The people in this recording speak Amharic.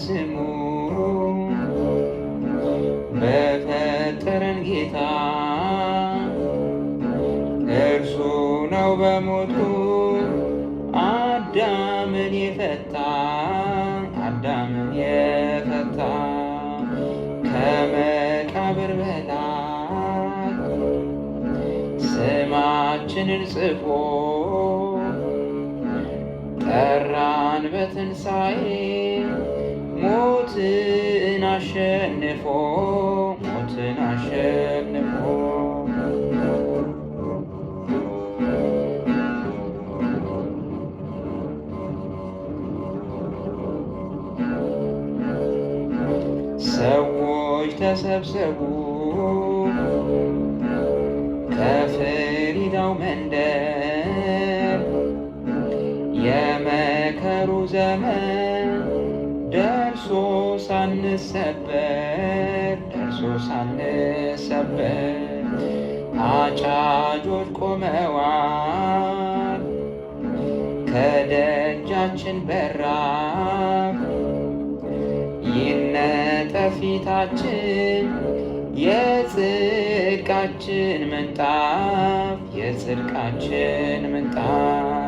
ስሙ በፈጠረን ጌታ እርሱ ነው በሞቱ አዳምን የፈታ አዳምን የፈታ ከመቃብር በላይ ስማችንን ጽፎ ጠራን በትንሣኤ ሞትን አሸንፎ ሞትን አሸንፎ ሰዎች ተሰብሰቡ ከፍሪዳው መንደር የመከሩ ዘመን ሳንሰበር ደርሶ ሳንሰበር አጫጆች ቆመዋል ከደጃችን በራፍ ይነጠፍ ፊታችን የጽድቃችን ምንጣፍ የጽድቃችን ምንጣፍ